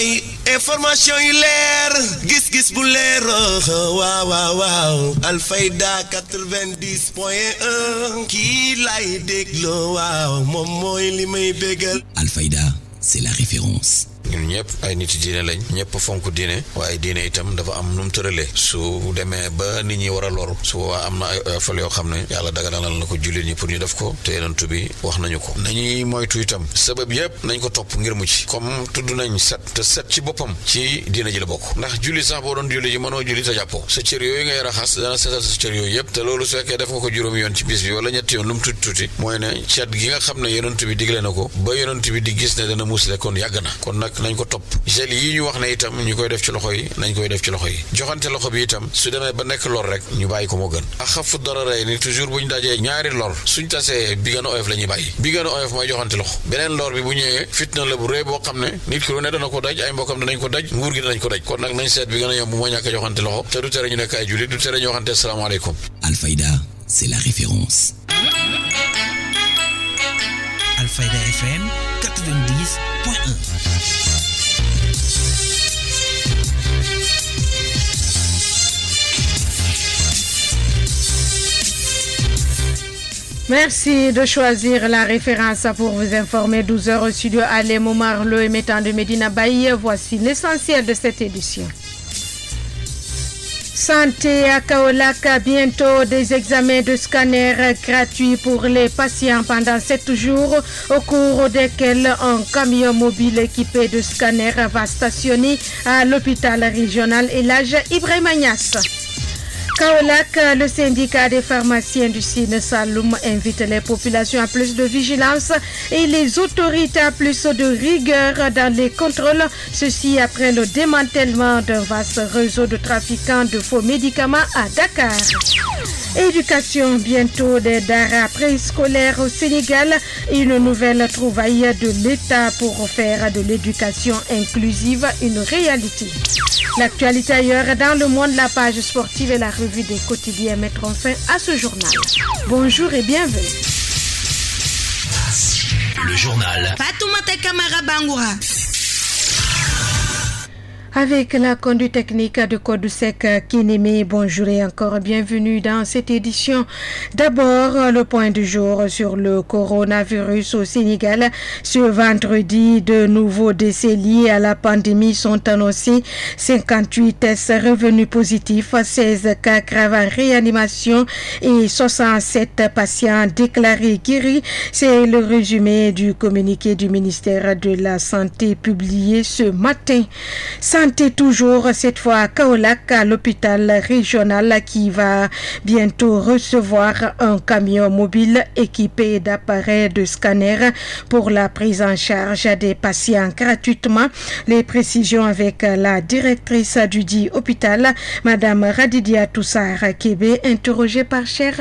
information yu guis gis-gis bu leer oh, waaw waaw waaw Alfayda 90 point 1 kii Alfaïda, li may c'est la référence. ñun ñëpp ay nit diine lañ ñëpp fonk diine waaye diine itam dafa am nu tëralee su demee ba nit ñi war a loru su boobaa am na ay fal yoo xam ne yàlla daganalal na ko jullit ñi pour ñu def ko te yonent bi wax nañu ko nañuy moytu itam sabab sa cër yooyu ngay raxas dana setal sa cër yooyu yëpp te loolu su def nga ko juróomi yoon ci bis bi wala ñetti yoon lu tuuti tuuti mooy ne cet gi nga xam ne yonent bi digle na ko ba yonent bi di gis ne nañ ko topp gel yi ñu wax ne itam ñu koy def ci loxo yi nañ koy def ci loxo yi joxante loxo bi itam su demee ba nekk lor rek ñu bàyyi ko moo gën ak xafu dara rey ni toujours bu ñu dajee ñaari lor suñ tasee bi gën a oyof la bàyyi bi gën a oyof mooy joxante loxo beneen lor bi bu ñëwee fitna la bu boo xam ne nit ki lu ne dana ko daj ay mbokkam danañ ko daj nguur gi danañ ko daj kon nag nañ seet bi gën a yomb mooy ñàkk joxante loxo te du Merci de choisir la référence pour vous informer. 12h au studio Alem Moumar le émettant de Medina Baye. Voici l'essentiel de cette édition. Santé à Kaolaka. bientôt des examens de scanner gratuits pour les patients pendant sept jours, au cours desquels un camion mobile équipé de scanners va stationner à l'hôpital régional Elage Ibrahim Kaolac, le syndicat des pharmaciens du Sine Saloum invite les populations à plus de vigilance et les autorités à plus de rigueur dans les contrôles. Ceci après le démantèlement d'un vaste réseau de trafiquants de faux médicaments à Dakar. Éducation bientôt des daras préscolaires au Sénégal, une nouvelle trouvaille de l'État pour faire de l'éducation inclusive une réalité. L'actualité ailleurs dans le monde, la page sportive et la vu des quotidiens mettre fin à ce journal. Bonjour et bienvenue. Le journal. Fatoumata Kamara Bangoura. Avec la conduite technique de Code Sec Kinemi, bonjour et encore bienvenue dans cette édition. D'abord, le point du jour sur le coronavirus au Sénégal. Ce vendredi, de nouveaux décès liés à la pandémie sont annoncés. 58 tests revenus positifs, 16 cas graves en réanimation et 67 patients déclarés guéris. C'est le résumé du communiqué du ministère de la Santé publié ce matin toujours, cette fois à Kaolac, à l'hôpital régional qui va bientôt recevoir un camion mobile équipé d'appareils de scanner pour la prise en charge des patients gratuitement. Les précisions avec la directrice du dit hôpital, Madame Radidia Toussar-Kébé, interrogée par Cher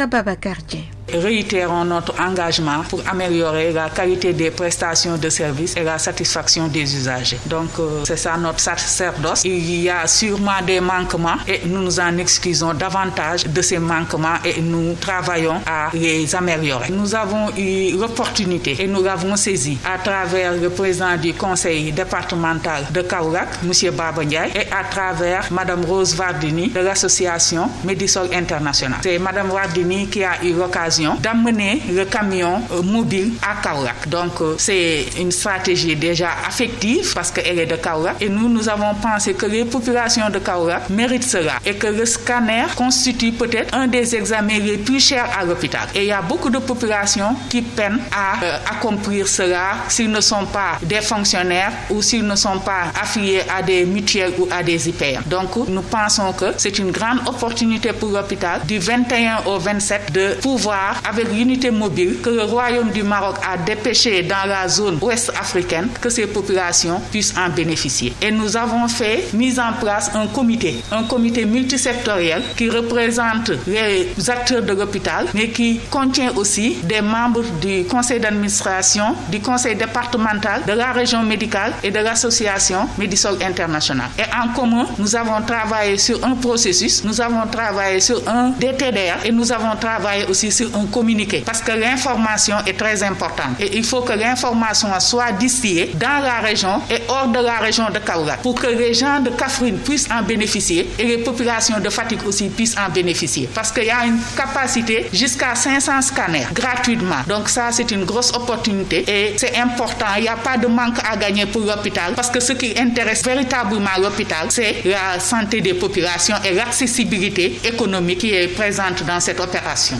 Réitérons notre engagement pour améliorer la qualité des prestations de services et la satisfaction des usagers. Donc, euh, c'est ça notre sacerdoce. Il y a sûrement des manquements et nous nous en excusons davantage de ces manquements et nous travaillons à les améliorer. Nous avons eu l'opportunité et nous l'avons saisie à travers le président du conseil départemental de Kaoulak, M. Barbagnay, et à travers Mme Rose Vardini de l'association Médisol International. C'est Mme Vardini qui a eu l'occasion d'amener le camion euh, mobile à Kaolak. Donc, euh, c'est une stratégie déjà affective parce qu'elle est de Kaolak et nous, nous avons pensé que les populations de Kaolak méritent cela et que le scanner constitue peut-être un des examens les plus chers à l'hôpital. Et il y a beaucoup de populations qui peinent à euh, accomplir cela s'ils ne sont pas des fonctionnaires ou s'ils ne sont pas affiliés à des mutuelles ou à des IPR. Donc, nous pensons que c'est une grande opportunité pour l'hôpital du 21 au 27 de pouvoir avec l'unité mobile que le Royaume du Maroc a dépêché dans la zone ouest africaine, que ces populations puissent en bénéficier. Et nous avons fait mise en place un comité, un comité multisectoriel qui représente les acteurs de l'hôpital, mais qui contient aussi des membres du conseil d'administration, du conseil départemental, de la région médicale et de l'association Médisol International. Et en commun, nous avons travaillé sur un processus, nous avons travaillé sur un DTDR et nous avons travaillé aussi sur un communiqué parce que l'information est très importante et il faut que l'information soit distillée dans la région et hors de la région de Kaoula. pour que les gens de Kafrine puissent en bénéficier et les populations de fatigue aussi puissent en bénéficier parce qu'il y a une capacité jusqu'à 500 scanners gratuitement donc ça c'est une grosse opportunité et c'est important il n'y a pas de manque à gagner pour l'hôpital parce que ce qui intéresse véritablement l'hôpital c'est la santé des populations et l'accessibilité économique qui est présente dans cette opération.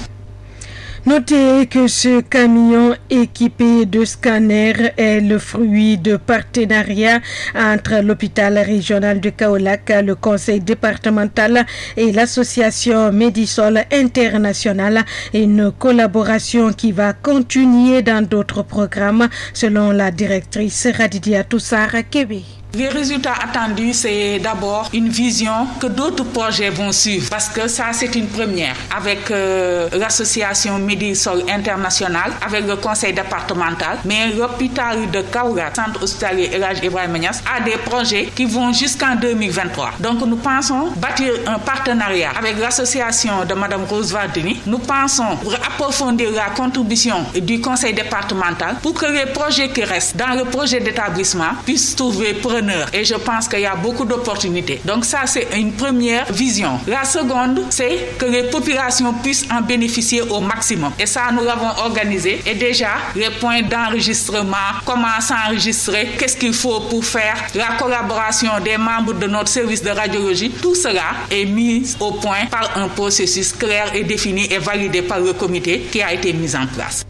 Notez que ce camion équipé de scanners est le fruit de partenariats entre l'hôpital régional de Kaolac, le conseil départemental et l'association Médisol internationale, une collaboration qui va continuer dans d'autres programmes selon la directrice Radidia Toussar Kébé. Les résultats attendus, c'est d'abord une vision que d'autres projets vont suivre, parce que ça, c'est une première, avec euh, l'association Médisol International, avec le conseil départemental, mais l'hôpital de Kaura, centre hospitalier Elage a des projets qui vont jusqu'en 2023. Donc, nous pensons bâtir un partenariat avec l'association de Mme Rose Vardini. Nous pensons approfondir la contribution du conseil départemental pour que les projets qui restent dans le projet d'établissement puissent trouver preneur et je pense qu'il y a beaucoup d'opportunités. Donc ça, c'est une première vision. La seconde, c'est que les populations puissent en bénéficier au maximum. Et ça, nous l'avons organisé. Et déjà, les points d'enregistrement, comment s'enregistrer, qu'est-ce qu'il faut pour faire, la collaboration des membres de notre service de radiologie, tout cela est mis au point par un processus clair et défini et validé par le comité qui a été mis en place.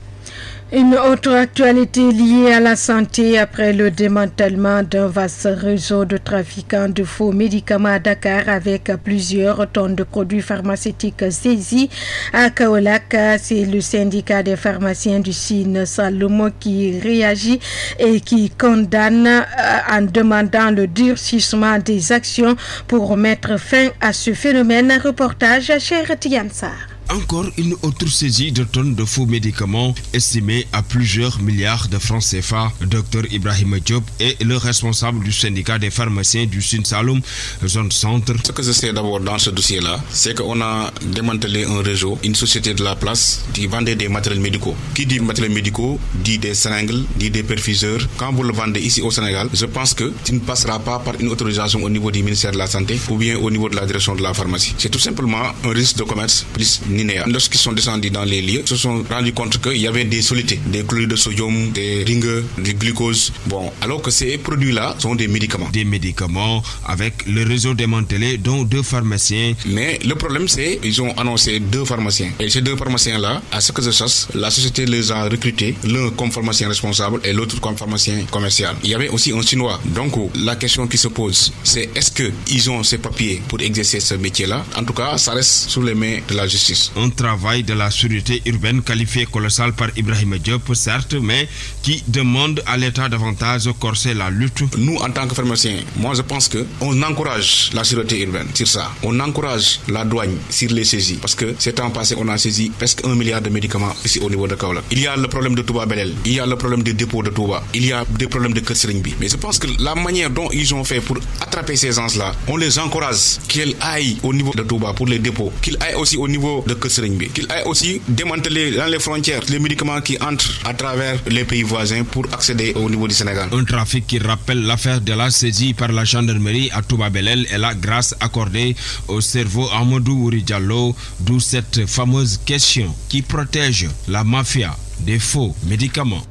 Une autre actualité liée à la santé après le démantèlement d'un vaste réseau de trafiquants de faux médicaments à Dakar avec plusieurs tonnes de produits pharmaceutiques saisis à Kaolaka, C'est le syndicat des pharmaciens du Sine Salomo qui réagit et qui condamne euh, en demandant le durcissement des actions pour mettre fin à ce phénomène. Un reportage à Cher Tiansar. Encore une autre saisie de tonnes de faux médicaments estimés à plusieurs milliards de francs CFA. Docteur Ibrahim Diop est le responsable du syndicat des pharmaciens du Sud Saloum, zone centre. Ce que je sais d'abord dans ce dossier-là, c'est qu'on a démantelé un réseau, une société de la place qui vendait des matériels médicaux. Qui dit matériels médicaux dit des seringues, dit des perfuseurs. Quand vous le vendez ici au Sénégal, je pense que tu ne passeras pas par une autorisation au niveau du ministère de la Santé ou bien au niveau de la direction de la pharmacie. C'est tout simplement un risque de commerce plus Lorsqu'ils sont descendus dans les lieux, ils se sont rendus compte qu'il y avait des solutés, des chlorides de sodium, des ringues, du glucose. Bon, alors que ces produits-là sont des médicaments. Des médicaments avec le réseau démantelé, dont deux pharmaciens. Mais le problème, c'est qu'ils ont annoncé deux pharmaciens. Et ces deux pharmaciens-là, à ce que je sache, la société les a recrutés, l'un comme pharmacien responsable et l'autre comme pharmacien commercial. Il y avait aussi un chinois. Donc, la question qui se pose, c'est est-ce qu'ils ont ces papiers pour exercer ce métier-là En tout cas, ça reste sous les mains de la justice un travail de la sûreté urbaine qualifié colossal par Ibrahim Diop, certes, mais qui demande à l'État davantage corser la lutte. Nous, en tant que pharmaciens, moi je pense que on encourage la sûreté urbaine sur ça. On encourage la douane sur les saisies parce que ces temps passés, on a saisi presque un milliard de médicaments ici au niveau de Kaolack. Il y a le problème de Touba Belel, il y a le problème des dépôts de Touba, il y a des problèmes de Kesseringbi. Mais je pense que la manière dont ils ont fait pour attraper ces gens-là, on les encourage qu'ils aillent au niveau de Touba pour les dépôts, qu'ils aillent aussi au niveau de qu'il ait aussi démantelé dans les frontières les médicaments qui entrent à travers les pays voisins pour accéder au niveau du Sénégal. Un trafic qui rappelle l'affaire de la saisie par la gendarmerie à Touba Belel et la grâce accordée au cerveau Amadou Ouri Diallo, d'où cette fameuse question qui protège la mafia des faux médicaments.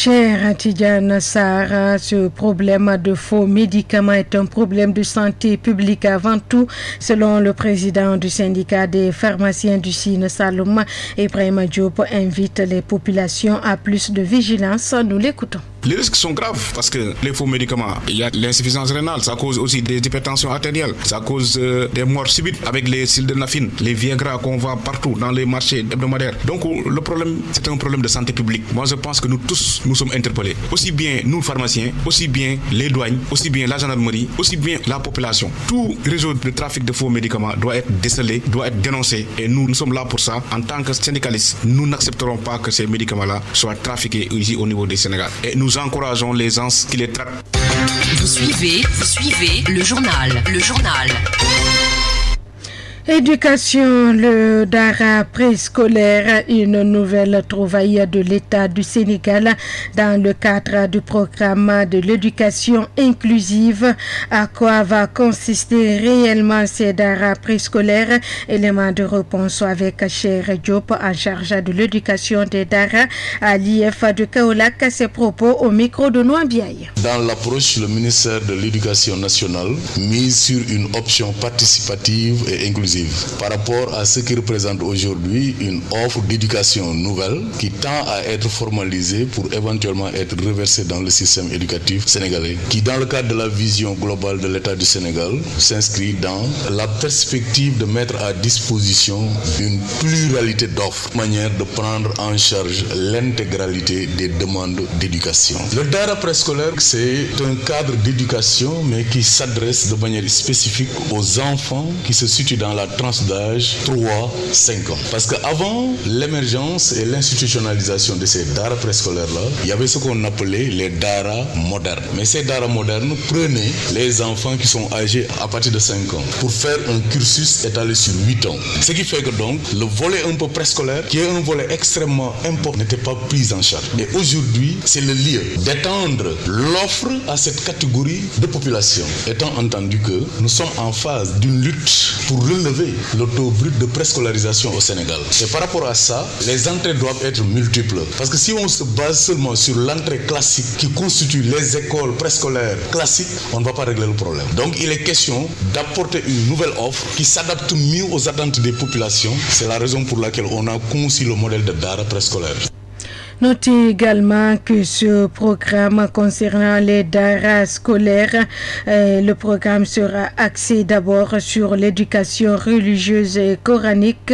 Cher Tidjane Sahara, ce problème de faux médicaments est un problème de santé publique avant tout, selon le président du syndicat des pharmaciens du Sine Salom. Ibrahim Diop invite les populations à plus de vigilance. Nous l'écoutons. Les risques sont graves parce que les faux médicaments, il y a l'insuffisance rénale, ça cause aussi des hypertensions artérielles, ça cause euh, des morts subites avec les sildenafines, les Viagra qu'on voit partout dans les marchés hebdomadaires. Donc euh, le problème, c'est un problème de santé publique. Moi, je pense que nous tous, nous sommes interpellés. Aussi bien nous, pharmaciens, aussi bien les douanes, aussi bien la gendarmerie, aussi bien la population. Tout réseau de trafic de faux médicaments doit être décelé, doit être dénoncé. Et nous, nous sommes là pour ça. En tant que syndicalistes, nous n'accepterons pas que ces médicaments-là soient trafiqués ici au niveau du Sénégal. Et nous nous encourageons les gens qui les traitent. Vous suivez, vous suivez le journal, le journal. Éducation, le Dara préscolaire, une nouvelle trouvaille de l'État du Sénégal dans le cadre du programme de l'éducation inclusive. À quoi va consister réellement ces Dara préscolaires Élément de réponse avec Cher Diop en charge de l'éducation des Dara à l'IF de Kaolak. Ses propos au micro de Noambiaye. Dans l'approche, le ministère de l'Éducation nationale mise sur une option participative et inclusive par rapport à ce qui représente aujourd'hui une offre d'éducation nouvelle qui tend à être formalisée pour éventuellement être reversée dans le système éducatif sénégalais, qui dans le cadre de la vision globale de l'État du Sénégal s'inscrit dans la perspective de mettre à disposition une pluralité d'offres, manière de prendre en charge l'intégralité des demandes d'éducation. Le DARA préscolaire, c'est un cadre d'éducation mais qui s'adresse de manière spécifique aux enfants qui se situent dans la trans d'âge 3-5 ans. Parce qu'avant l'émergence et l'institutionnalisation de ces daras préscolaires-là, il y avait ce qu'on appelait les DARA modernes. Mais ces DARA modernes prenaient les enfants qui sont âgés à partir de 5 ans pour faire un cursus étalé sur 8 ans. Ce qui fait que donc le volet un peu préscolaire, qui est un volet extrêmement important, n'était pas pris en charge. Et aujourd'hui, c'est le lieu d'étendre l'offre à cette catégorie de population, étant entendu que nous sommes en phase d'une lutte pour relever le taux brut de préscolarisation au Sénégal. Et par rapport à ça, les entrées doivent être multiples. Parce que si on se base seulement sur l'entrée classique qui constitue les écoles préscolaires classiques, on ne va pas régler le problème. Donc il est question d'apporter une nouvelle offre qui s'adapte mieux aux attentes des populations. C'est la raison pour laquelle on a conçu le modèle de DARA préscolaire. Notez également que ce programme concernant les daras scolaires, euh, le programme sera axé d'abord sur l'éducation religieuse et coranique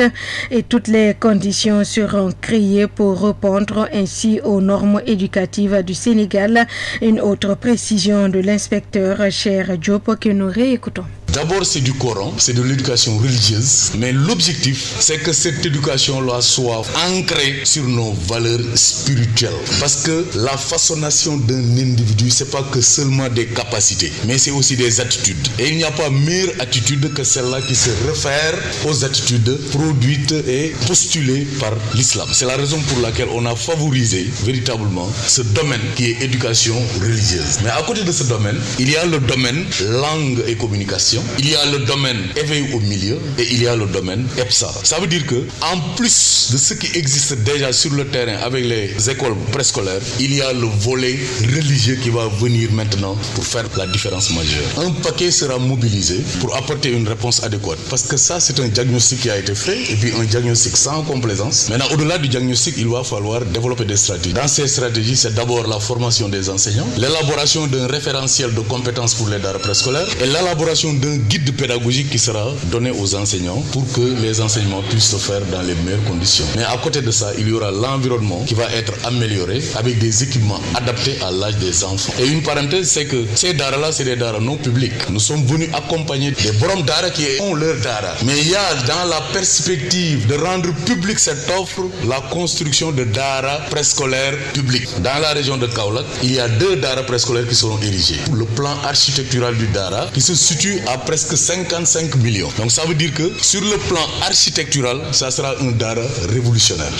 et toutes les conditions seront créées pour répondre ainsi aux normes éducatives du Sénégal. Une autre précision de l'inspecteur Cher Diop que nous réécoutons. D'abord, c'est du Coran, c'est de l'éducation religieuse, mais l'objectif, c'est que cette éducation-là soit ancrée sur nos valeurs spirituelles. Parce que la façonnation d'un individu, c'est pas que seulement des capacités, mais c'est aussi des attitudes. Et il n'y a pas meilleure attitude que celle-là qui se réfère aux attitudes produites et postulées par l'islam. C'est la raison pour laquelle on a favorisé véritablement ce domaine qui est éducation religieuse. Mais à côté de ce domaine, il y a le domaine langue et communication il y a le domaine éveil au milieu et il y a le domaine EPSA. Ça veut dire que, en plus de ce qui existe déjà sur le terrain avec les écoles préscolaires, il y a le volet religieux qui va venir maintenant pour faire la différence majeure. Un paquet sera mobilisé pour apporter une réponse adéquate. Parce que ça, c'est un diagnostic qui a été fait et puis un diagnostic sans complaisance. Maintenant, au-delà du diagnostic, il va falloir développer des stratégies. Dans ces stratégies, c'est d'abord la formation des enseignants, l'élaboration d'un référentiel de compétences pour les dares préscolaires et l'élaboration un guide pédagogique qui sera donné aux enseignants pour que les enseignements puissent se faire dans les meilleures conditions. Mais à côté de ça, il y aura l'environnement qui va être amélioré avec des équipements adaptés à l'âge des enfants. Et une parenthèse, c'est que ces daras-là, c'est des daras non publics. Nous sommes venus accompagner des bromes daras qui ont leurs daras. Mais il y a dans la perspective de rendre public cette offre la construction de daras préscolaires publics. Dans la région de Kaolak, il y a deux daras préscolaires qui seront érigés. Le plan architectural du dara qui se situe à presque 55 millions. Donc ça veut dire que sur le plan architectural, ça sera un dara révolutionnaire.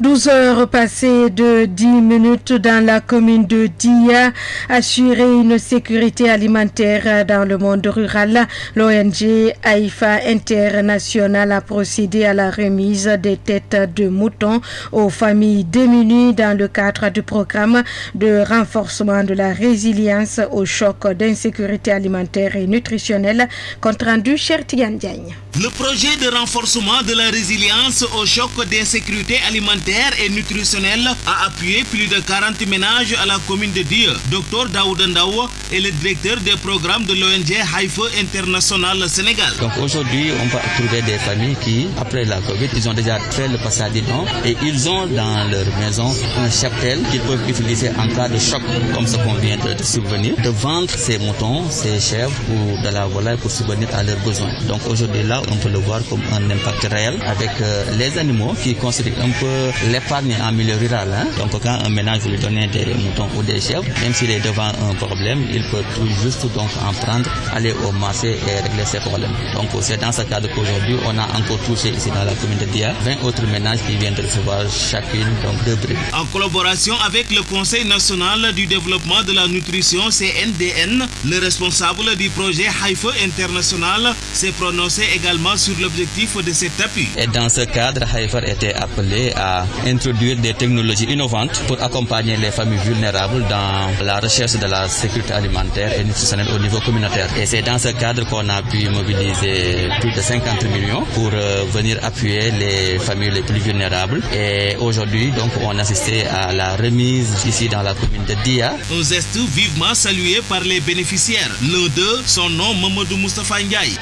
12 heures passées de 10 minutes dans la commune de Dia, assurer une sécurité alimentaire dans le monde rural. L'ONG AIFA International a procédé à la remise des têtes de moutons aux familles démunies dans le cadre du programme de renforcement de la résilience au choc d'insécurité alimentaire et nutritionnelle. Compte rendu, cher Diagne. Le projet de renforcement de la résilience au choc d'insécurité alimentaire et nutritionnelle a appuyé plus de 40 ménages à la commune de Dieu. Docteur Daoud Ndawa est le directeur des programmes de l'ONG Haifa International Sénégal. Donc aujourd'hui, on va trouver des familles qui, après la COVID, ils ont déjà fait le passage des non et ils ont dans leur maison un chapelle qu'ils peuvent utiliser en cas de choc, comme ce qu'on vient de, subvenir, de vendre ces moutons, ces chèvres ou de la volaille pour subvenir à leurs besoins. Donc aujourd'hui, là, on peut le voir comme un impact réel avec euh, les animaux qui constituent un peu l'épargne en milieu rural. Hein. Donc quand un ménage veut lui donner des moutons ou des chèvres, même s'il est devant un problème, il peut tout juste donc en prendre, aller au marché et régler ses problèmes. Donc c'est dans ce cadre qu'aujourd'hui on a encore touché ici dans la commune de Dia 20 autres ménages qui viennent recevoir chacune donc deux En collaboration avec le Conseil national du développement de la nutrition CNDN, le responsable du projet Haifa International s'est prononcé également sur l'objectif de cet appui. Et dans ce cadre, Haifa était appelé à introduire des technologies innovantes pour accompagner les familles vulnérables dans la recherche de la sécurité alimentaire et nutritionnelle au niveau communautaire. Et c'est dans ce cadre qu'on a pu mobiliser plus de 50 millions pour euh, venir appuyer les familles les plus vulnérables. Et aujourd'hui, donc, on assistait à la remise ici dans la commune de Dia. Un geste vivement salué par les bénéficiaires. L'un d'eux, son nom Mamadou Moustapha Ndiaye.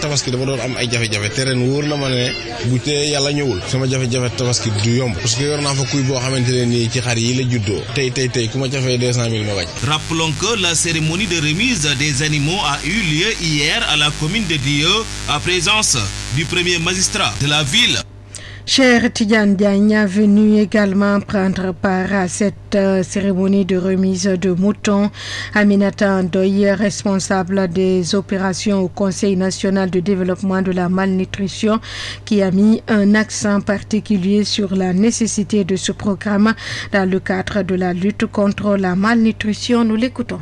parce que doon am ay jafe-jafe te ren wóor na ma ne bu tee yàlla ñëwul sama jafe-jafe tabaski du yomb parce que yor naa fa kuy boo xamante ne nii ci xar yi la juddoo tey tey tey ku ma jafee deux cent mille ma bañ. Rappelons que la cérémonie de remise des animaux a eu lieu hier à la commune de Dieu à présence du premier magistrat de la ville. Cher Tidiane venu également prendre part à cette euh, cérémonie de remise de moutons. Aminata Ndoye, responsable des opérations au Conseil national de développement de la malnutrition, qui a mis un accent particulier sur la nécessité de ce programme dans le cadre de la lutte contre la malnutrition. Nous l'écoutons.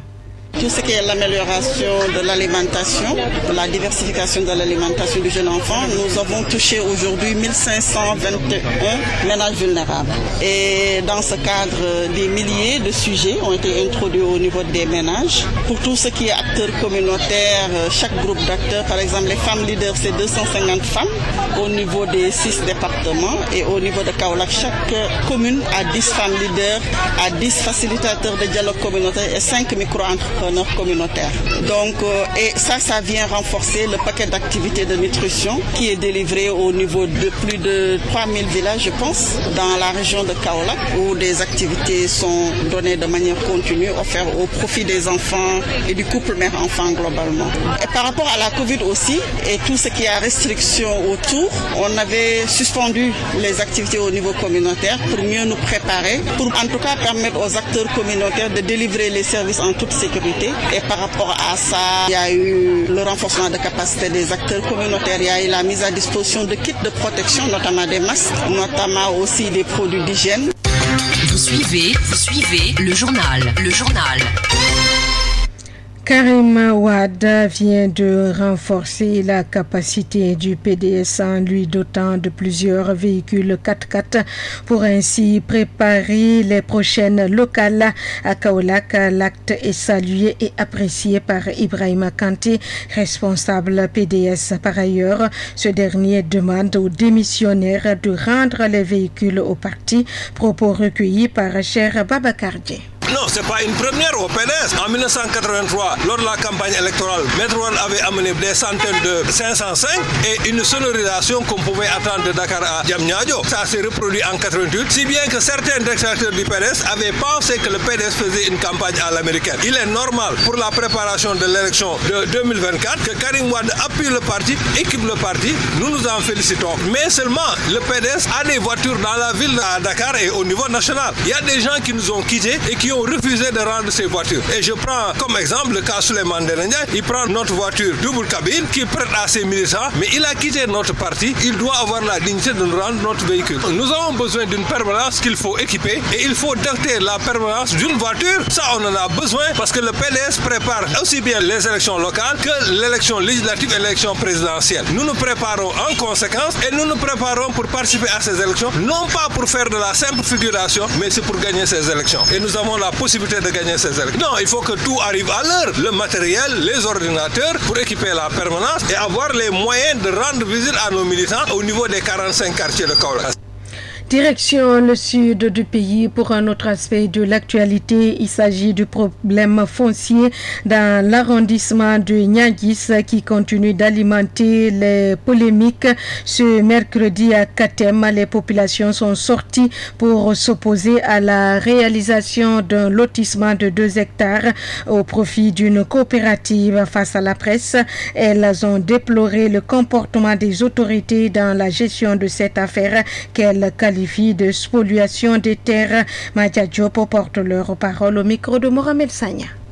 Tout ce qui est l'amélioration de l'alimentation, la diversification de l'alimentation du jeune enfant, nous avons touché aujourd'hui 1521 ménages vulnérables. Et dans ce cadre, des milliers de sujets ont été introduits au niveau des ménages. Pour tout ce qui est acteurs communautaires, euh, chaque groupe d'acteurs, par exemple les femmes leaders, c'est 250 femmes au niveau des six départements et au niveau de Kaolak, chaque commune a 10 femmes leaders, a 10 facilitateurs de dialogue communautaire et 5 micro-entreprises donc, euh, et ça, ça vient renforcer le paquet d'activités de nutrition qui est délivré au niveau de plus de 3000 villages, je pense, dans la région de Kaola, où des activités sont données de manière continue, offertes au profit des enfants et du couple mère-enfant globalement. Et par rapport à la Covid aussi, et tout ce qui a restriction autour, on avait suspendu les activités au niveau communautaire pour mieux nous préparer, pour en tout cas permettre aux acteurs communautaires de délivrer les services en toute sécurité. Et par rapport à ça, il y a eu le renforcement de capacité des acteurs communautaires, il y a eu la mise à disposition de kits de protection, notamment des masques, notamment aussi des produits d'hygiène. Vous suivez, suivez le journal, le journal. Karim Ouad vient de renforcer la capacité du PDS en lui dotant de plusieurs véhicules 4x4 pour ainsi préparer les prochaines locales à Kaolak. L'acte est salué et apprécié par Ibrahim Kanté, responsable PDS. Par ailleurs, ce dernier demande aux démissionnaires de rendre les véhicules au parti, propos recueillis par Cher Babacardier. Non, c'est pas une première au PDS. En 1983, lors de la campagne électorale, Metrowal avait amené des centaines de 505 et une sonorisation qu'on pouvait attendre de Dakar à Djamnyadjo. Ça s'est reproduit en 88, si bien que certains directeurs du PDS avaient pensé que le PDS faisait une campagne à l'américaine. Il est normal pour la préparation de l'élection de 2024 que Karim Wade appuie le parti, équipe le parti. Nous nous en félicitons. Mais seulement, le PDS a des voitures dans la ville de Dakar et au niveau national. Il y a des gens qui nous ont quittés et qui ont refuser de rendre ses voitures. Et je prends comme exemple le cas les mandarins Il prend notre voiture double cabine qui prête à ses militants, mais il a quitté notre parti. Il doit avoir la dignité de nous rendre notre véhicule. Nous avons besoin d'une permanence qu'il faut équiper et il faut doter la permanence d'une voiture. Ça, on en a besoin parce que le PDS prépare aussi bien les élections locales que l'élection législative et l'élection présidentielle. Nous nous préparons en conséquence et nous nous préparons pour participer à ces élections, non pas pour faire de la simple figuration, mais c'est pour gagner ces élections. Et nous avons la la possibilité de gagner ces élections. Non, il faut que tout arrive à l'heure. Le matériel, les ordinateurs pour équiper la permanence et avoir les moyens de rendre visite à nos militants au niveau des 45 quartiers de Kaolack. Direction le sud du pays pour un autre aspect de l'actualité. Il s'agit du problème foncier dans l'arrondissement de Nyangis qui continue d'alimenter les polémiques. Ce mercredi à Katem, les populations sont sorties pour s'opposer à la réalisation d'un lotissement de 2 hectares au profit d'une coopérative face à la presse. Elles ont déploré le comportement des autorités dans la gestion de cette affaire qu'elles qualifient vie de spoliation des terres. Madia Diop porte leur parole au micro de Mohamed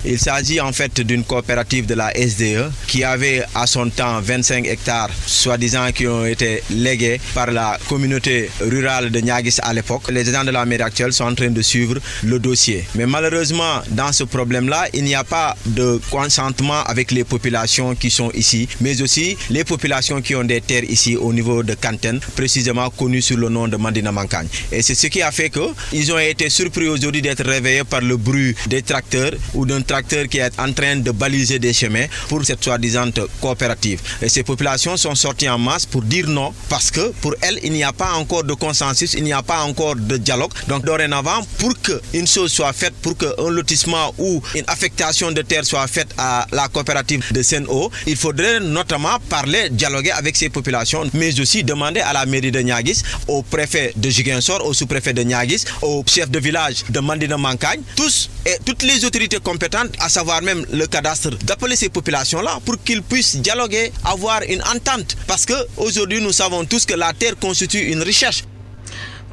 il s'agit en fait d'une coopérative de la SDE qui avait à son temps 25 hectares, soi-disant qui ont été légués par la communauté rurale de Niagis à l'époque. Les gens de la mairie actuelle sont en train de suivre le dossier. Mais malheureusement, dans ce problème-là, il n'y a pas de consentement avec les populations qui sont ici, mais aussi les populations qui ont des terres ici au niveau de Canton, précisément connues sous le nom de Mandina Mankagne. Et c'est ce qui a fait qu'ils ont été surpris aujourd'hui d'être réveillés par le bruit des tracteurs ou d'un qui est en train de baliser des chemins pour cette soi-disant coopérative. Et ces populations sont sorties en masse pour dire non parce que pour elles, il n'y a pas encore de consensus, il n'y a pas encore de dialogue. Donc dorénavant, pour qu'une chose soit faite, pour qu'un lotissement ou une affectation de terre soit faite à la coopérative de Seine-Eau, il faudrait notamment parler, dialoguer avec ces populations, mais aussi demander à la mairie de Niagis, au préfet de Jiguensor, au sous-préfet de Niagis, au chef de village de Mandina mankagne tous et toutes les autorités compétentes à savoir même le cadastre, d'appeler ces populations-là pour qu'ils puissent dialoguer, avoir une entente. Parce que aujourd'hui, nous savons tous que la terre constitue une richesse.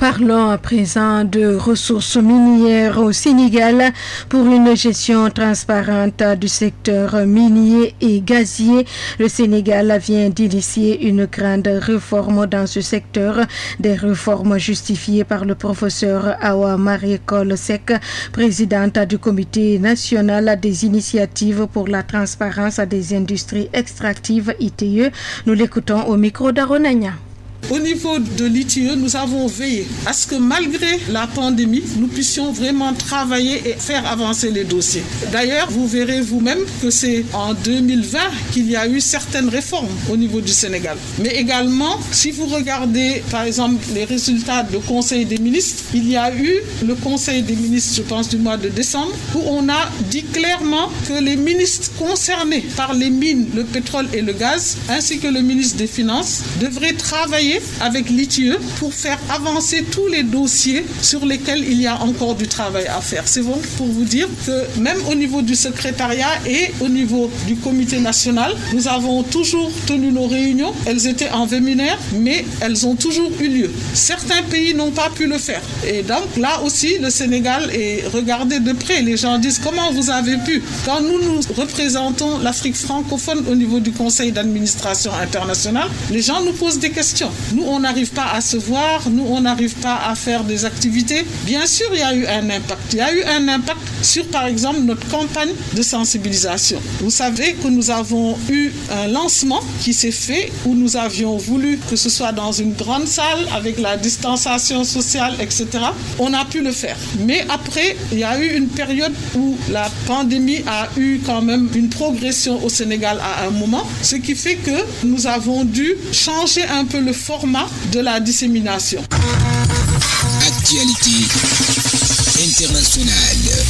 Parlons à présent de ressources minières au Sénégal pour une gestion transparente du secteur minier et gazier. Le Sénégal vient d'initier une grande réforme dans ce secteur, des réformes justifiées par le professeur Awa marie cole Sec, présidente du Comité national des initiatives pour la transparence des industries extractives ITE. Nous l'écoutons au micro d'Aronagna. Au niveau de l'ITIE, nous avons veillé à ce que malgré la pandémie, nous puissions vraiment travailler et faire avancer les dossiers. D'ailleurs, vous verrez vous-même que c'est en 2020 qu'il y a eu certaines réformes au niveau du Sénégal. Mais également, si vous regardez par exemple les résultats du Conseil des ministres, il y a eu le Conseil des ministres, je pense, du mois de décembre, où on a dit clairement que les ministres concernés par les mines, le pétrole et le gaz, ainsi que le ministre des Finances, devraient travailler avec l'ITIE pour faire avancer tous les dossiers sur lesquels il y a encore du travail à faire. C'est bon pour vous dire que même au niveau du secrétariat et au niveau du comité national, nous avons toujours tenu nos réunions. Elles étaient en véminaire, mais elles ont toujours eu lieu. Certains pays n'ont pas pu le faire. Et donc là aussi, le Sénégal est regardé de près. Les gens disent comment vous avez pu. Quand nous nous représentons l'Afrique francophone au niveau du Conseil d'administration internationale, les gens nous posent des questions. Nous, on n'arrive pas à se voir, nous, on n'arrive pas à faire des activités. Bien sûr, il y a eu un impact. Il y a eu un impact sur, par exemple, notre campagne de sensibilisation. Vous savez que nous avons eu un lancement qui s'est fait où nous avions voulu que ce soit dans une grande salle avec la distanciation sociale, etc. On a pu le faire. Mais après, il y a eu une période où la pandémie a eu quand même une progression au Sénégal à un moment, ce qui fait que nous avons dû changer un peu le fond format de la dissémination. Actualité internationale.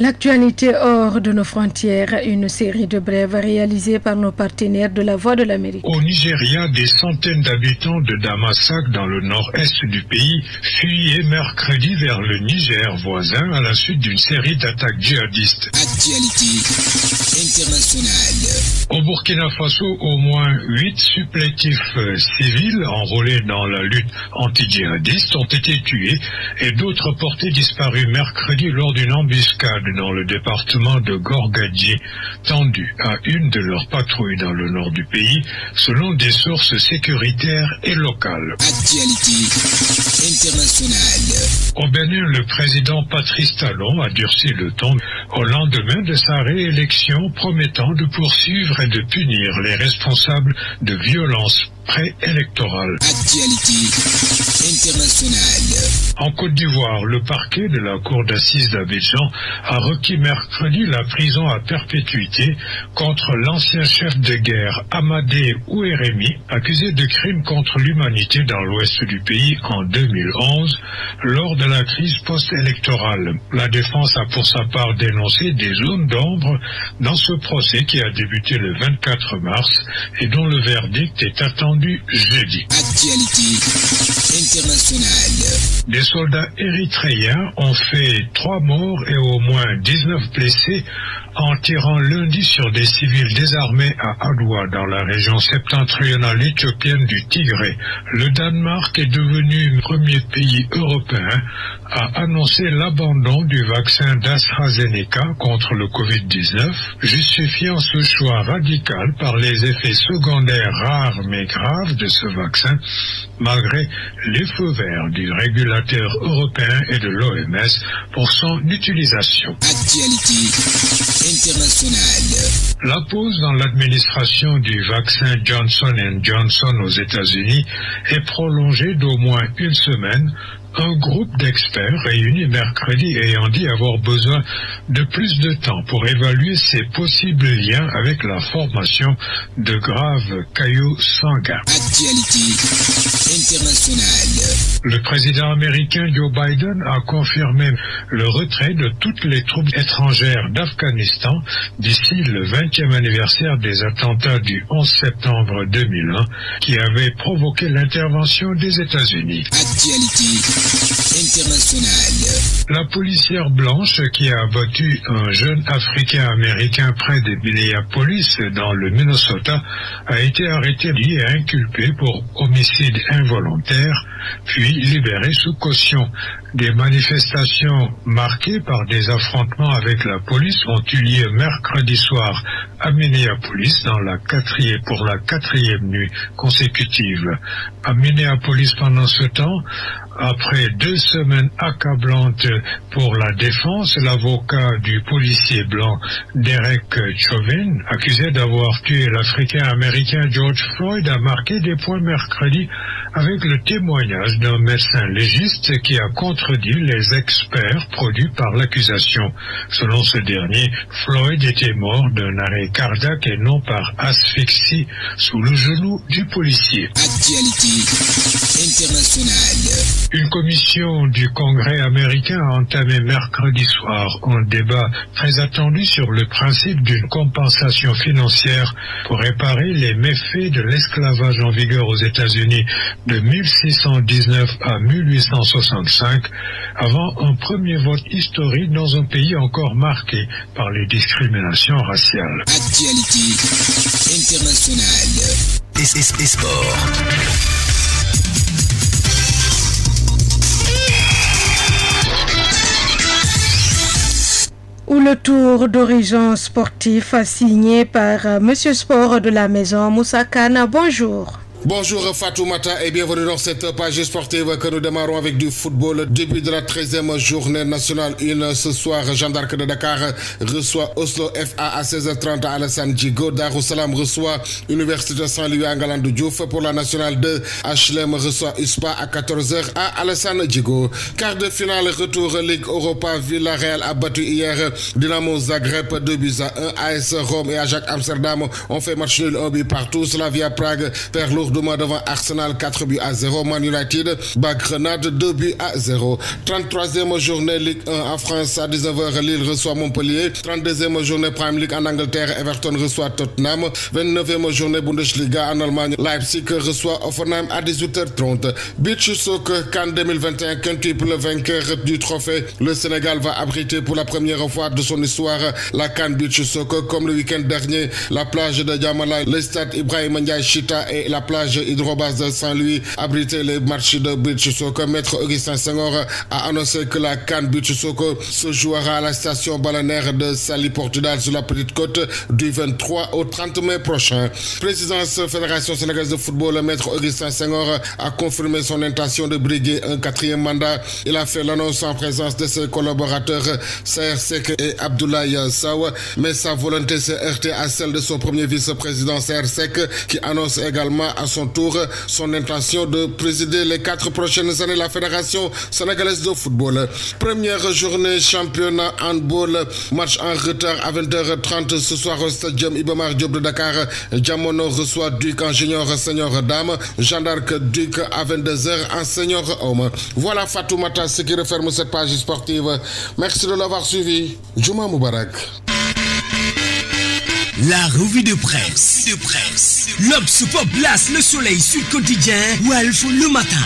L'actualité hors de nos frontières, une série de brèves réalisées par nos partenaires de la Voix de l'Amérique. Au Nigeria, des centaines d'habitants de Damasak dans le nord-est du pays fuyaient mercredi vers le Niger voisin à la suite d'une série d'attaques djihadistes. Actualité internationale. Au Burkina Faso, au moins huit supplétifs euh, civils enrôlés dans la lutte anti-djihadiste ont été tués et d'autres portés disparus mercredi lors d'une embuscade dans le département de Gorgadji, tendu à une de leurs patrouilles dans le nord du pays, selon des sources sécuritaires et locales. Au Bénin, le président Patrice Talon a durci le ton au lendemain de sa réélection, promettant de poursuivre et de punir les responsables de violences Préélectoral. En Côte d'Ivoire, le parquet de la cour d'assises d'Abidjan a requis mercredi la prison à perpétuité contre l'ancien chef de guerre Amadé Ouérémi, accusé de crimes contre l'humanité dans l'ouest du pays en 2011 lors de la crise post-électorale. La défense a pour sa part dénoncé des zones d'ombre dans ce procès qui a débuté le 24 mars et dont le verdict est attendu les jeudi. Actualité internationale. Des soldats érythréens ont fait trois morts et au moins 19 blessés en tirant lundi sur des civils désarmés à Adwa, dans la région septentrionale éthiopienne du Tigré. Le Danemark est devenu premier pays européen a annoncé l'abandon du vaccin d'AstraZeneca contre le Covid-19, justifiant ce choix radical par les effets secondaires rares mais graves de ce vaccin, malgré les feux verts du régulateur européen et de l'OMS pour son utilisation. La pause dans l'administration du vaccin Johnson Johnson aux États-Unis est prolongée d'au moins une semaine un groupe d'experts réunis mercredi ayant dit avoir besoin de plus de temps pour évaluer ses possibles liens avec la formation de graves cailloux sanguins. Actualité internationale. Le président américain Joe Biden a confirmé le retrait de toutes les troupes étrangères d'Afghanistan d'ici le 20e anniversaire des attentats du 11 septembre 2001 qui avaient provoqué l'intervention des États-Unis. La policière blanche qui a abattu un jeune Africain-Américain près de Minneapolis dans le Minnesota a été arrêtée et inculpée pour homicide involontaire, puis libérée sous caution des manifestations marquées par des affrontements avec la police ont eu lieu mercredi soir à Minneapolis dans la quatrième, pour la quatrième nuit consécutive. À Minneapolis pendant ce temps, après deux semaines accablantes pour la défense, l'avocat du policier blanc Derek Chauvin, accusé d'avoir tué l'Africain-Américain George Floyd, a marqué des points mercredi avec le témoignage d'un médecin légiste qui a contre les experts produits par l'accusation. Selon ce dernier, Floyd était mort d'un arrêt cardiaque et non par asphyxie sous le genou du policier. internationale. Une commission du Congrès américain a entamé mercredi soir un débat très attendu sur le principe d'une compensation financière pour réparer les méfaits de l'esclavage en vigueur aux États-Unis de 1619 à 1865, avant un premier vote historique dans un pays encore marqué par les discriminations raciales. Actualité internationale. Ou le tour d'horizon sportif signé par euh, Monsieur Sport de la Maison Moussakana. Bonjour. Bonjour Mata et bienvenue dans cette page sportive que nous démarrons avec du football. Début de la 13e journée nationale une ce soir, Jeanne d'Arc de Dakar reçoit Oslo FA à 16h30 à Alassane Djigo. Darussalam reçoit Université Saint-Louis Angalandou Diouf pour la nationale 2. HLM reçoit USPA à 14h à Alassane Djigo. Quart de finale, retour Ligue Europa. Villarreal a battu hier Dynamo Zagreb 2 buts à 1. AS Rome et Ajax Amsterdam ont fait match nul 1 but partout. via Prague vers Lourdes mois devant Arsenal 4 buts à 0, Man United bat Grenade 2 buts à 0. 33e journée Ligue 1 en France à 19h, Lille reçoit Montpellier. 32e journée Prime League en Angleterre, Everton reçoit Tottenham. 29e journée Bundesliga en Allemagne, Leipzig reçoit Offenheim à 18h30. Beach Soccer Cannes 2021 quintuple vainqueur du trophée. Le Sénégal va abriter pour la première fois de son histoire la Cannes Beach Soccer comme le week-end dernier la plage de Yamala, le stade Ibrahim Ndiaye Chita et la plage hydrobase de Saint-Louis abritait les marchés de Beach Maître Augustin Senghor a annoncé que la Cannes Beach se jouera à la station balnéaire de Sali, Portugal, sur la petite côte du 23 au 30 mai prochain. Présidence Fédération sénégalaise de football, Maître Augustin Senghor a confirmé son intention de briguer un quatrième mandat. Il a fait l'annonce en présence de ses collaborateurs Sek et Abdoulaye Saw, mais sa volonté s'est heurtée à celle de son premier vice-président CRSEC qui annonce également à son tour son intention de présider les quatre prochaines années la Fédération sénégalaise de football. Première journée championnat handball, match en retard à 20h30 ce soir au stadium Ibamar Diop de Dakar. Diamono reçoit Duc en junior senior dame, jean d'Arc Duc à 22h en senior homme. Voilà Fatoumata ce qui referme cette page sportive. Merci de l'avoir suivi. Juma Moubarak. La revue de presse. De presse. L'Obs Pop Le Soleil, ou Quotidien, Welf le matin.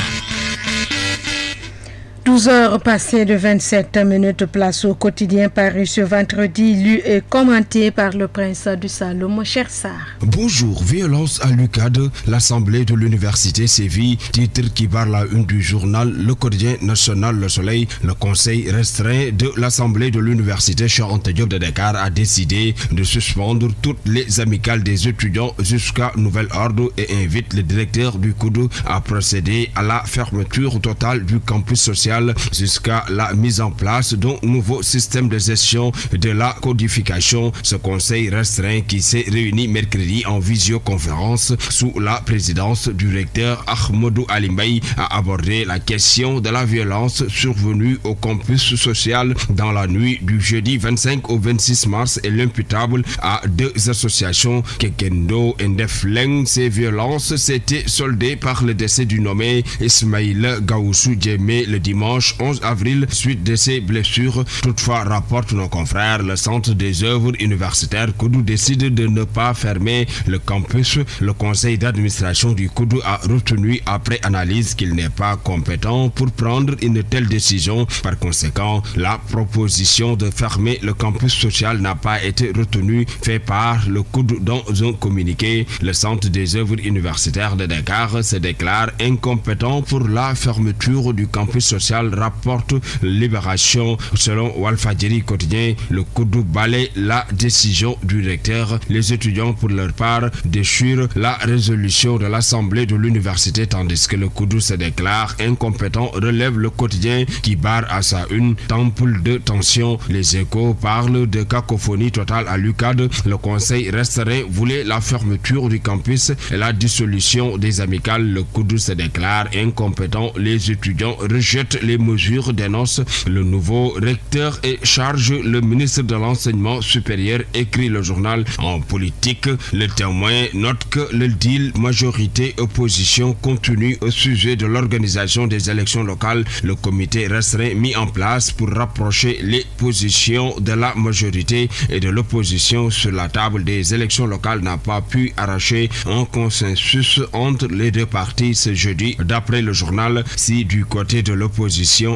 12 heures passées de 27 minutes place au quotidien Paris ce vendredi, lu et commenté par le prince du Salomon, cher Sar. Bonjour, violence à l'UCAD, l'assemblée de l'université Séville, titre qui parle la une du journal Le quotidien national Le Soleil, le conseil restreint de l'assemblée de l'université Charente Diop de Dakar a décidé de suspendre toutes les amicales des étudiants jusqu'à nouvelle ordre et invite le directeur du CUDE à procéder à la fermeture totale du campus social jusqu'à la mise en place d'un nouveau système de gestion de la codification. Ce conseil restreint qui s'est réuni mercredi en visioconférence sous la présidence du recteur Ahmadou Alimbaï a abordé la question de la violence survenue au campus social dans la nuit du jeudi 25 au 26 mars et l'imputable à deux associations Kekendo et Ndefleng. Ces violences s'étaient soldées par le décès du nommé Ismail Gaoussou Djemé le dimanche 11 avril suite de ses blessures. Toutefois, rapporte nos confrères, le centre des œuvres universitaires Koudou décide de ne pas fermer le campus. Le conseil d'administration du Koudou a retenu après analyse qu'il n'est pas compétent pour prendre une telle décision. Par conséquent, la proposition de fermer le campus social n'a pas été retenue, fait par le Koudou dans un communiqué. Le centre des œuvres universitaires de Dakar se déclare incompétent pour la fermeture du campus social rapporte Libération. Selon Walfadjeri quotidien, le Koudou balaye la décision du recteur. Les étudiants, pour leur part, déchirent la résolution de l'Assemblée de l'université tandis que le Koudou se déclare incompétent, relève le quotidien qui barre à sa une temple de tension. Les échos parlent de cacophonie totale à l'UCAD. Le conseil resterait voulait la fermeture du campus et la dissolution des amicales. Le Koudou se déclare incompétent. Les étudiants rejettent les mesures, dénoncent le nouveau recteur et charge le ministre de l'Enseignement supérieur, écrit le journal en politique. Le témoin note que le deal majorité-opposition continue au sujet de l'organisation des élections locales. Le comité restreint mis en place pour rapprocher les positions de la majorité et de l'opposition sur la table des élections locales n'a pas pu arracher un consensus entre les deux parties ce jeudi, d'après le journal. Si du côté de l'opposition,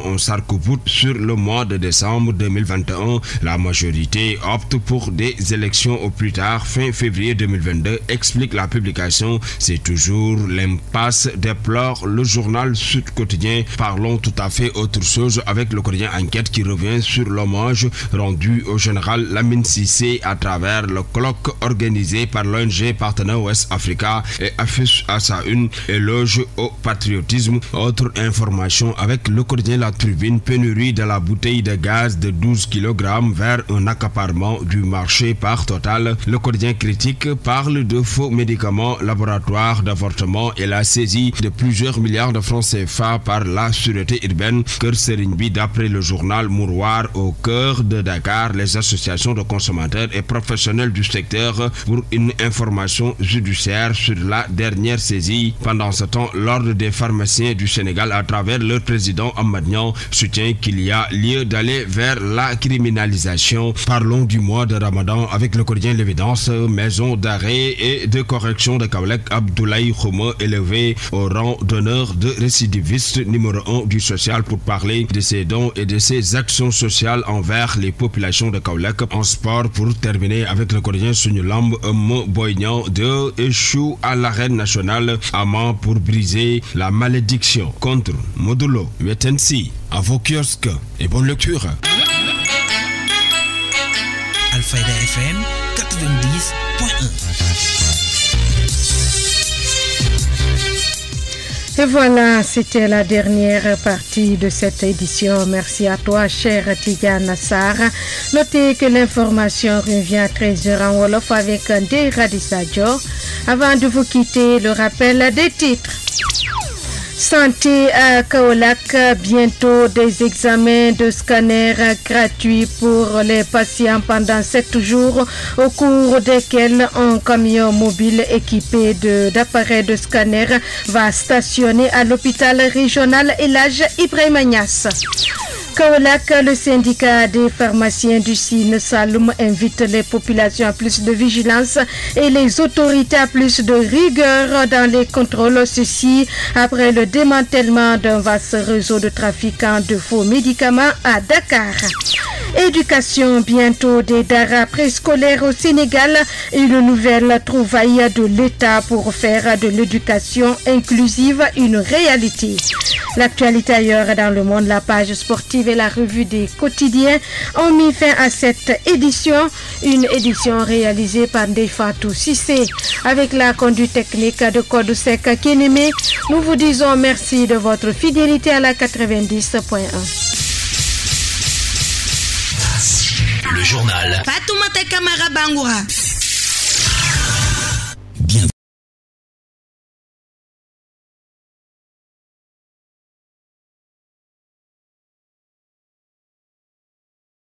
en sarcopoute sur le mois de décembre 2021. La majorité opte pour des élections au plus tard fin février 2022, explique la publication. C'est toujours l'impasse, déplore le journal Sud Quotidien. Parlons tout à fait autre chose avec le quotidien Enquête qui revient sur l'hommage rendu au général Lamine Sissé à travers le colloque organisé par l'ONG partenaire Ouest Africa et affiche à sa une éloge au patriotisme. Autre information avec le le quotidien La Tribune, pénurie de la bouteille de gaz de 12 kg vers un accaparement du marché par Total. Le quotidien critique parle de faux médicaments, laboratoires d'avortement et la saisie de plusieurs milliards de francs CFA par la sûreté urbaine. Serinbi, d'après le journal Mouroir, au cœur de Dakar, les associations de consommateurs et professionnels du secteur pour une information judiciaire sur la dernière saisie. Pendant ce temps, l'Ordre des pharmaciens du Sénégal, à travers leur président Président Amadnian soutient qu'il y a lieu d'aller vers la criminalisation. Parlons du mois de Ramadan avec le quotidien L'Évidence, maison d'arrêt et de correction de Kaoulek Abdoulaye Khouma élevé au rang d'honneur de récidiviste numéro 1 du social pour parler de ses dons et de ses actions sociales envers les populations de Kaoulek En sport, pour terminer avec le quotidien Sunulam Boignan de échoue à l'arène nationale amant pour briser la malédiction contre Modulo. Tensi. À vos kiosques et bonne lecture. Alfaïda FM 90.1. Et voilà, c'était la dernière partie de cette édition. Merci à toi, cher Tidiane Nassar. Notez que l'information revient à 13h en Wolof avec un Radisadio. Avant de vous quitter, le rappel des titres. Santé à Kaolac, bientôt des examens de scanner gratuits pour les patients pendant sept jours, au cours desquels un camion mobile équipé d'appareils de, scanners scanner va stationner à l'hôpital régional Elage Ibrahim le syndicat des pharmaciens du Sine Saloum invite les populations à plus de vigilance et les autorités à plus de rigueur dans les contrôles. Ceci après le démantèlement d'un vaste réseau de trafiquants de faux médicaments à Dakar. Éducation bientôt des daras préscolaires au Sénégal, une nouvelle trouvaille de l'État pour faire de l'éducation inclusive une réalité. L'actualité ailleurs dans le monde, la page sportive et la revue des quotidiens ont mis fin à cette édition, une édition réalisée par Defatou Sissé. Avec la conduite technique de Code Sec Keneme, nous vous disons merci de votre fidélité à la 90.1. le journal. Fatoumata Kamara Bangoura.